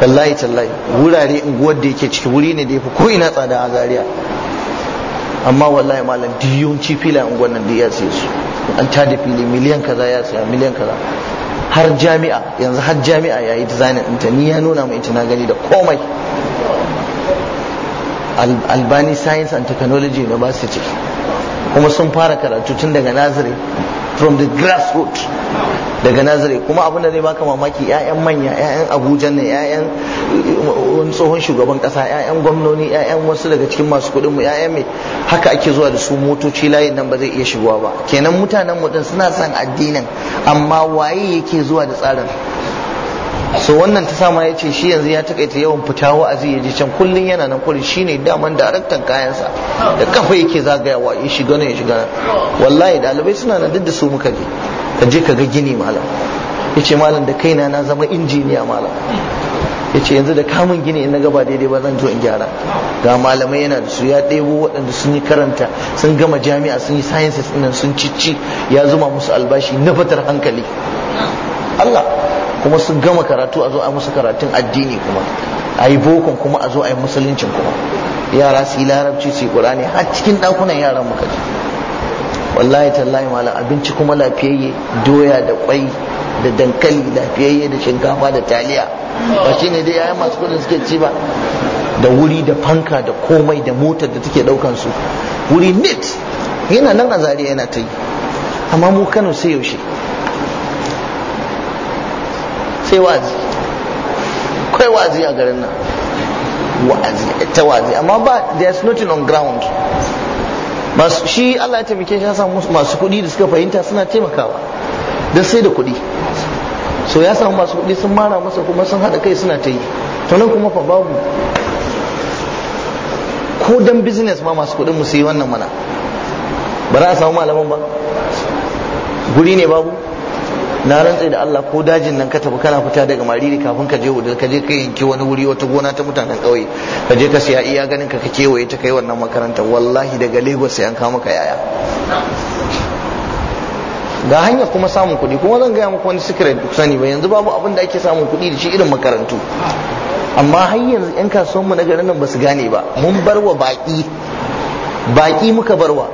wallahi tallahi wurare unguwar da yake ciki wuri ne da yafi ko ina tsada a zaria amma wallahi malam ci filayen unguwar nan da ya siya su an tada fili miliyan kaza ya siya miliyan kaza har jami'a yanzu har jami'a ya yi designer ɗinta ni ya nuna mu ita na gani da komai albani science and technology university kuma sun fara karatu tun daga nazare from the root daga nazare kuma abin da zai baka mamaki 'ya'yan manya 'ya'yan abuja ne 'ya'yan wani tsohon shugaban kasa 'ya'yan gwamnoni 'ya'yan wasu daga cikin masu kuɗin mu 'ya'yan mai haka ake zuwa da su motoci layin nan ba zai iya shigowa ba kenan mutanen mu suna son addinin amma waye yake zuwa da tsarin so wannan ta sama ya ce shi yanzu ya takaita yawan fita wa'azi ya je can kullum yana nan shi ne daman daraktan kayansa da kafa yake zagayawa ya shiga nan ya shiga nan wallahi dalibai suna nan duk da su muka je ka je ka ga gini malam ya ce malam da kaina na zama injiniya malam ya ce yanzu da kamun gini in na gaba daidai ba zan zo in gyara ga malamai yana da su ya ɗebo waɗanda sun yi karanta sun gama jami'a sun yi sciences ɗin sun cici ya zuma musu albashi na fatar hankali Allah kuma sun gama karatu a zo a musu karatun addini kuma a yi bokon kuma a zo a yi musuluncin kuma yara su yi larabci su yi ƙurani har cikin ɗakunan yaran muka ji wallahi tallahi malam abinci kuma lafiyayye doya da ƙwai da dankali lafiyayye da shinkafa da taliya ba ne dai yayan masu kudin suke ci ba da wuri da fanka da komai da motar da take ɗaukan su wuri nit yana nan a zariya yana ta yi amma mu kano sai yaushe sai wazi kai wazi a garin nan wa'azi ta wazi amma ba there's nothing on ground masu shi Allah ya taimake shi ya masu kuɗi da suka fahimta suna taimakawa don sai da kuɗi so ya samu masu kuɗi sun mara masa kuma sun haɗa kai suna ta yi to nan kuma fa babu ko dan business ma masu kuɗin mu su yi wannan mana ba za a samu malaman ba guri ne babu na rantse da Allah ko dajin nan ka tafi kana fita daga mariri kafin ka je wuri ka je ka yanki wani wuri wata gona ta mutanen ƙauye ka je ka siya iya ganin ka ka kewaye ta kai wannan makarantar wallahi daga Lagos sai an kawo maka yaya ga hanya kuma samun kuɗi kuma zan gaya muku wani sikirin duk sani ba yanzu babu abin da ake samun kuɗi da shi irin makarantu amma har yanzu 'yan kasuwanmu na garin nan ba su gane ba mun bar wa baƙi baƙi muka barwa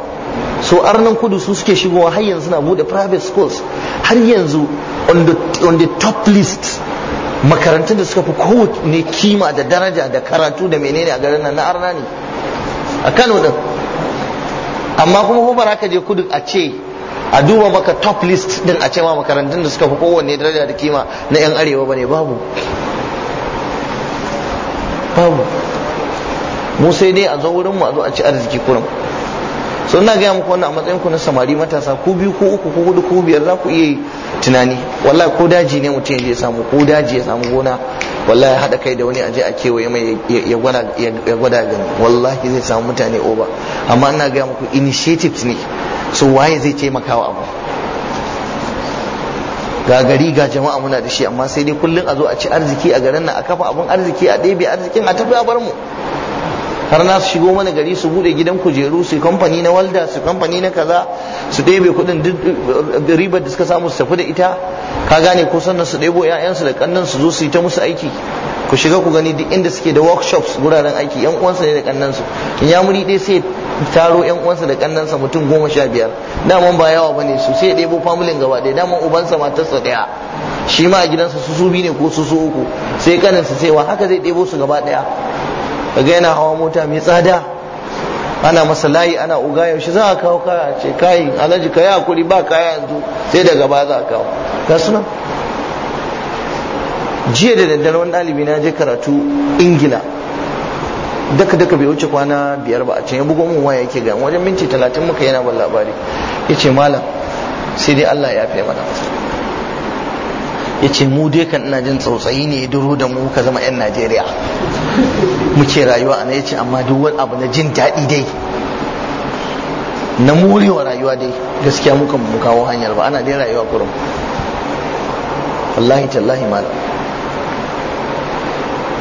so arnan kudu su suke shigowa har yanzu na bude private schools har yanzu on the, on the top list makarantun da suka fi kowane kima da daraja da karatu da menene a garin nan na arna ne a kano din amma kuma ko bara ka je kudu a ce a duba maka top list din a ce ma makarantun da suka fi kowanne daraja da kima na yan arewa bane babu babu mu sai dai a zo wurin mu a zo a ci arziki kurum so ina gaya muku wannan a matsayin ku na samari matasa ku biyu ko uku ko hudu ko biyar za ku iya yi tunani wallahi ko daji ne mutum ya samu ko daji ya samu gona wallahi ya haɗa kai da wani aje a kewaye mai ya gwada gani wallahi zai samu mutane oba amma ina gaya muku initiatives ne so waye zai taimaka wa abu ga gari ga jama'a muna da shi amma sai dai kullum a zo a ci arziki a garin nan a kafa abun arziki a ɗebe arzikin a tafi a bar mu har na su shigo mana gari su bude gidan kujeru su kamfani na walda su kamfani na kaza su ɗebe kuɗin duk ribar da suka samu su tafi da ita ka gane ko sannan su ɗebo ƴaƴansu da kannan su zo su yi ta musu aiki ku shiga ku gani duk inda suke da workshops guraren aiki yan uwansa ne da su in ya muri dai sai taro yan uwansa da kannansa mutum goma sha biyar daman ba yawa bane su sai ɗebo familin gaba ɗaya daman ubansa matarsa ɗaya shi ma a gidansa su su biyu ne ko su su uku sai su sai wa haka zai ɗebo su gaba ɗaya kaga yana hawa mota mai tsada ana masa layi ana uga yaushe za a kawo kaya a ce kayi alhaji ka yi hakuri ba kaya yanzu sai daga ba za a kawo ga suna jiya da daddare wani ɗalibi na je karatu ingila daka daka bai wuce kwana biyar ba a can ya bugo mun waya yake ga wajen minti talatin muka yana ban labari ya ce malam sai dai allah ya fi mana ya ce mu dai kan ina jin tsautsayi ne ya duro da mu ka zama 'yan najeriya muke rayuwa ana yace amma duk wani abu na jin daɗi dai na murewa rayuwa dai gaskiya mukan mu kawo hanyar ba ana dai rayuwa kurum wallahi tallahi malam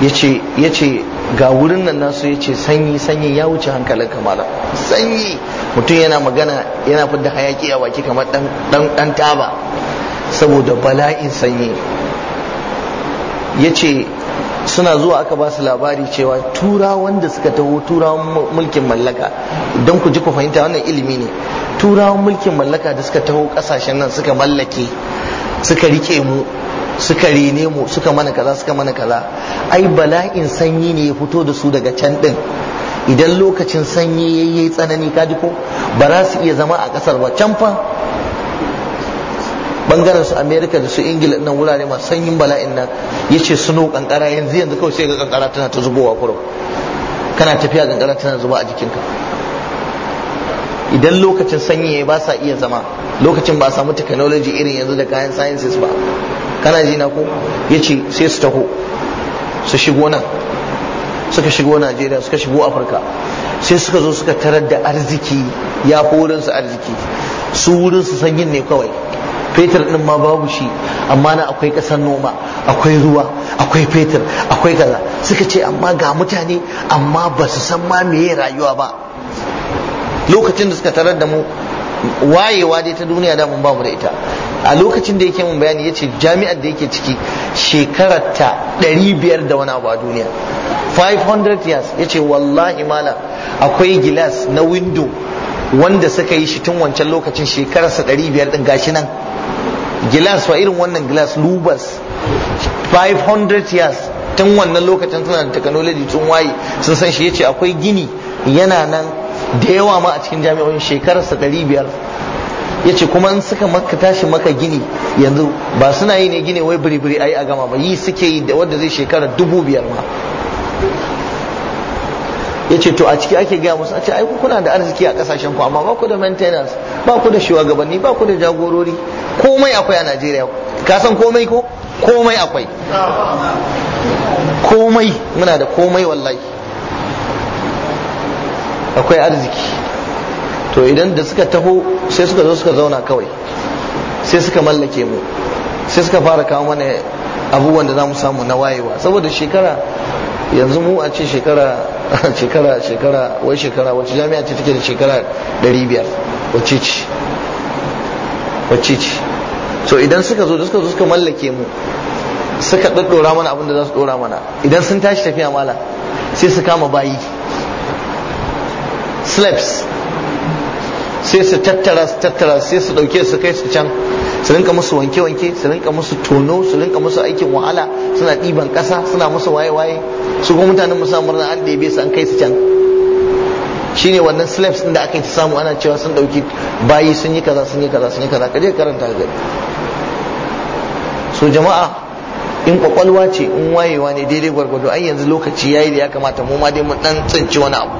yace yace ga wurin nan nasu yace sanyi sanyi ya wuce hankalin kamala sanyi mutum yana magana yana fidda hayaki a baki kamar dan dan taba saboda bala'in sanyi yace suna zuwa aka ba su labari cewa turawan da suka taho turawan mulkin mallaka don ku ji ku fahimta wannan ilimi ne turawan mulkin mallaka da suka taho kasashen nan suka mallake suka rike mu suka rene mu suka mana kaza suka mana kaza ai bala'in sanyi ne ya fito da su daga can din idan lokacin sanyi ya yi tsanani kaji ko ba za su iya zama a ƙasar ba can fa bangaren su america da su ingila nan wurare masu sanyin bala'in nan ya ce suno kankara yanzu yanzu kawai sai ga kankara tana ta zubowa kuro. kana tafiya kankara tana zuba a jikinka idan lokacin sanyi ya ba sa iya zama lokacin ba a samu technology irin yanzu da kayan sciences ba kana ji na ko ya ce sai su taho su shigo nan suka shigo najeriya suka shigo afirka sai suka zo suka tarar da arziki ya fi wurinsu arziki su wurinsu sanyin ne kawai fetur din ma babu shi amma na akwai kasar noma akwai ruwa akwai fetur akwai kaza suka ce amma ga mutane amma ba su san ma meye rayuwa ba lokacin da suka tarar da mu wayewa dai ta duniya da mun bamu da ita a lokacin da yake mun bayani yace jami'ar da yake ciki shekarar ta biyar da wani abu a duniya 500 years yace wallahi mala akwai gilas na window wanda suka yi shi tun wancan lokacin shekararsa 500 din gashi nan gilas fa irin wannan gilas lubas 500 years tun wannan lokacin suna da technology tun waye sun san shi yace akwai gini yana nan da yawa ma a cikin jami'o'in shekararsa 500 yace kuma in suka maka tashi maka gini yanzu ba suna yi ne gini wai biribiri ayi a gama ba yi suke yi da wanda zai shekara dubu biyar ma ya ce to a ciki ake gaya musu a ce ai kuna da arziki a kasashen ku amma ba ku da maintenance ba ku da shugabanni ba ku da jagorori komai akwai a Najeriya ka san komai ko komai akwai komai muna da komai wallahi akwai arziki to idan da suka taho sai suka zo suka zauna kawai sai suka mallake mu sai suka fara kawo mana abubuwan da za mu samu na wayewa saboda shekara yanzu mu a ce shekara (laughs) shekara shekara wai shekara wacce jami'a ce take da shekara 500 wacce ce wacce ce so idan suka zo suka zo suka mallake mu suka daddora mana abin da za su dora mana idan sun tashi tafiya mala sai su kama bayi slaps sai su tattara su tattara sai su dauke su kai su can su rinka musu wanke-wanke su rinka musu tono su rinka musu aikin wahala suna ɗiban ƙasa suna musu waye-waye su kuma mutanen musa murna an ɗebe su an kai su can shine wannan slaves ɗin da aka yi ta samu ana cewa sun ɗauki bayi sun yi kaza sun yi kaza sun yi kaza kaje karanta ga so jama'a in kwakwalwa ce in wayewa ne daidai gwargwado ai yanzu lokaci yayi da ya kamata mu ma dai mu dan tsinci wani abu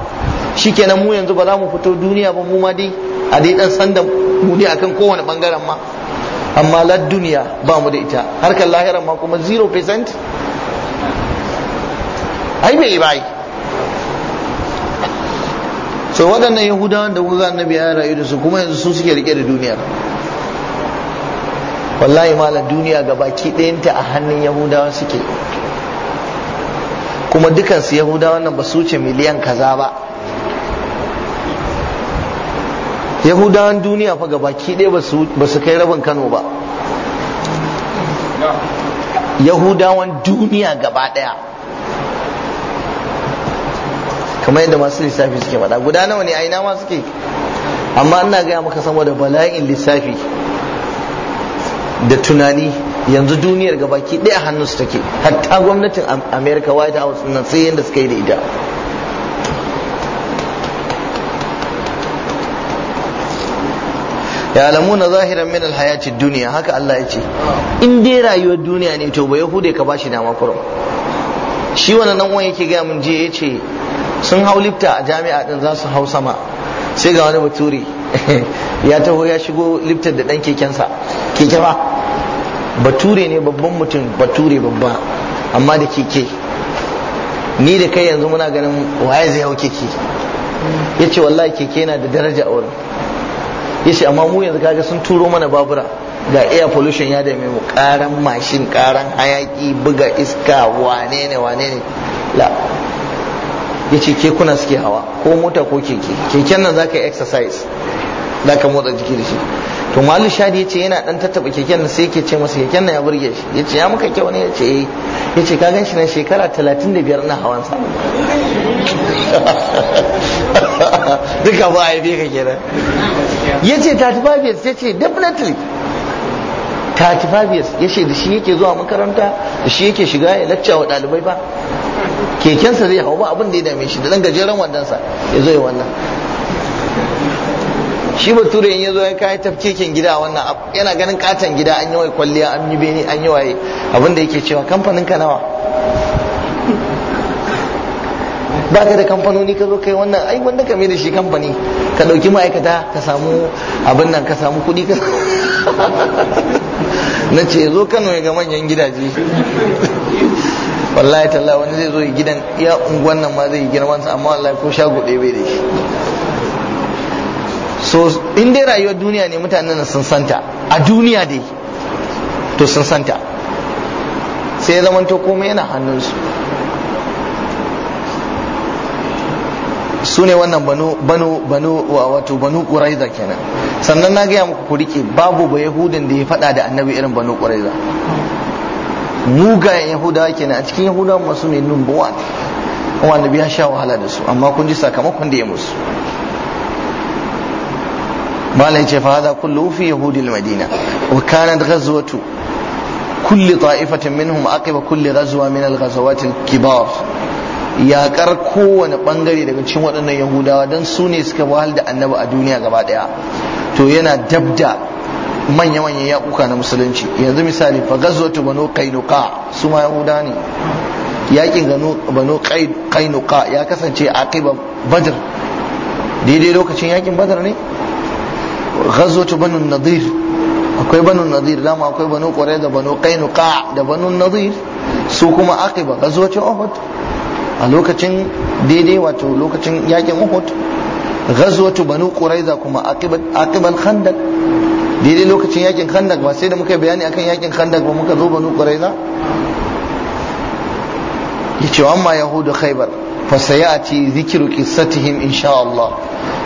shikenan mu yanzu ba za mu fito duniya ba mu ma dai a dai dan sanda mu ne akan kowane bangaren ma amma lad duniya ba mu da ita harkar lahira ma kuma 0% ai bai bai so waɗannan yahudawan da kuka annabi ya rayu da su kuma yanzu su suke rike da duniyar wallahi malam duniya ga baki ɗayanta a hannun yahudawa suke kuma dukansu yahudawan nan ba su ce miliyan kaza ba yahudawan duniya fa gabaki ɗaya ba su kai rabin kano ba yahudawan duniya gaba daya kamar yadda masu lissafi suke faɗa guda nawa ne a ina ma suke amma ina gaya maka saboda bala'in lissafi da tunani yanzu duniyar gabaki ɗaya su take hatta gwamnatin america white house nan sai yadda suka yi da ita ya'lamuna zahiran min alhayati duniya haka Allah ya ce in dai rayuwar duniya ne to ba yahude ka bashi dama kurum shi wannan nan uwan yake gaya mun je yace sun hau lifta a jami'a din za su hau sama sai ga wani baturi (laughs) ya taho ya shigo liftar da ɗan kekensa keke ba bature ne babban mutum bature babba amma da keke ni da kai yanzu muna ganin waye zai hau keke ya wallahi keke yana da daraja a wurin yace amma mu yanzu kaga sun turo mana babura ga air pollution ya dame mu karan mashin karan hayaki buga iska wane ne wane ne la yace kuna suke hawa ko mota ko keke keken nan zaka yi exercise zaka motsa jiki da shi to malu shadi yace yana dan tattaba keken nan sai yake ce masa keken nan ya burge shi yace ya muka kyau ne yace eh yace ka ganshi na shekara 35 na hawan sa (laughs) duka ba a yi ka kenan ya ce 35 years ya ce definitely 35 years ya ce da shi yake zuwa makaranta da shi yake shiga ya lacca wa ɗalibai ba kekensa zai hau ba abin da ya dame shi da ɗan gajeren wandonsa ya zo ya wannan shi bature in ya zo ya kayi tafkekin gida wannan yana ganin katon gida an yi wai kwalliya an yi bene an yi waye abin da yake cewa kamfanin ka nawa ba ka da kamfanoni ka zo kai wannan ai wanda ka mai da shi kamfani ka ɗauki ma'aikata ka samu abin nan ka samu kuɗi ka (laughs) na ce zo kano ya ga manyan gidaje (laughs) wallahi talla wani zai zo gidan iya unguwan nan ma zai yi girman sa amma wallahi ko shago ɗaya bai da shi so in dai rayuwar duniya ne mutanen sun santa a duniya dai to sun santa sai ya zamanto komai yana hannunsu su ne wannan banu banu banu wato banu quraiza kenan sannan na gaya muku ku rike babu ba yahudan da ya fada da annabi irin banu quraiza mugayen yahudawa kenan a cikin yahudawa masu ne number one kuma annabi ya sha wahala da su amma kun ji sakamakon da ya musu malai ce fa hada kullu fi yahudi madina wa kanat ghazwatu kulli ta'ifatin minhum aqiba kulli ghazwa min al-ghazawat al-kibar yakar kowane bangare daga cikin waɗannan yahudawa don su ne suka wahal da annabi a duniya gaba ɗaya to yana dabda manya-manyan yakuka na musulunci yanzu misali fa gazwatu banu qainuqa su ma yahuda ne yakin banu qainuqa ya kasance a aqiba badr daidai lokacin yakin badr ne gazwatu banu nadir akwai banu nadir dama akwai banu qurayza banu qainuqa da banu nadir su kuma aqiba gazwatu uhud a lokacin daidai wato lokacin yakin uhud ghazwatu banu quraiza kuma aqibal khandaq daidai lokacin yakin khandaq ba sai da muka bayani akan yakin khandaq ba muka zo banu quraiza yace wa amma yahudu khaybar fa sayati dhikru qissatihim insha Allah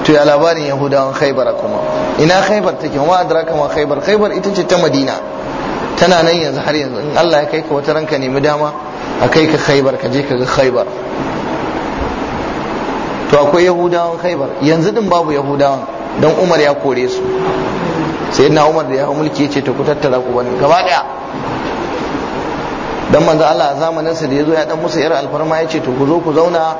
to ya labarin yahudawan khaybar kuma ina khaybar take wa adraka ma khaybar khaybar ita ce ta madina tana nan yanzu har yanzu in Allah ya kai ka wata ranka nemi dama a kai ka khaibar ka je ka ga khaibar to akwai yahudawan khaibar yanzu din babu yahudawan don umar ya kore su sai na umar da ya hau mulki ya ce ta ku tattara ku bane gaba daya dan manzo Allah a zamanin sa da yazo ya dan musu yar alfarma ya ce to ku zo ku zauna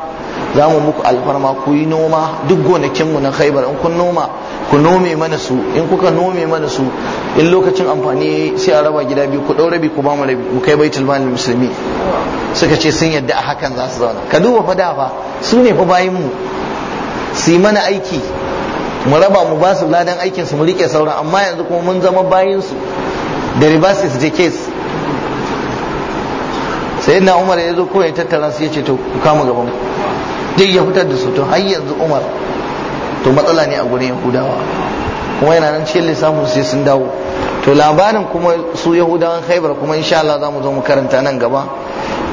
za mu muku alfarma ku yi noma duk gonakinmu na khaibar in kun noma ku nome mana su in kuka nome mana su in lokacin amfani sai a raba gida biyu ku ɗau biyu ku ba mu rabi mu kai baitul malin musulmi suka ce sun yadda a hakan za su zauna ka duba fa da fa su ne fa bayin mu su yi mana aiki mu raba mu ba su ladan aikin su mu rike sauran amma yanzu kuma mun zama bayin su da ribasis the case sai na umar ya zo kawai tattara su ya ce to ku kama gaban duk ya fitar da su to har yanzu umar to matsala ne a gurin yahudawa kuma yana nan cikin lissafin sai sun dawo to labarin kuma su yahudawan khaibar kuma insha Allah za mu zo mu karanta nan gaba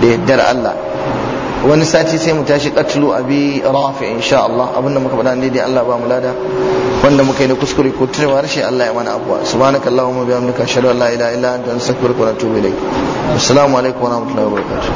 da yaddar Allah wani sati sai mu tashi katlu abi rafi insha Allah abinda muka faɗa ne dai Allah ba mu lada wanda muka yi na kuskure ko tunewa rashin Allah ya mana abuwa subhanakallahumma bihamdika ashhadu an la ilaha illa anta astaghfiruka wa atubu ilaik assalamu alaikum wa rahmatullahi wa barakatuh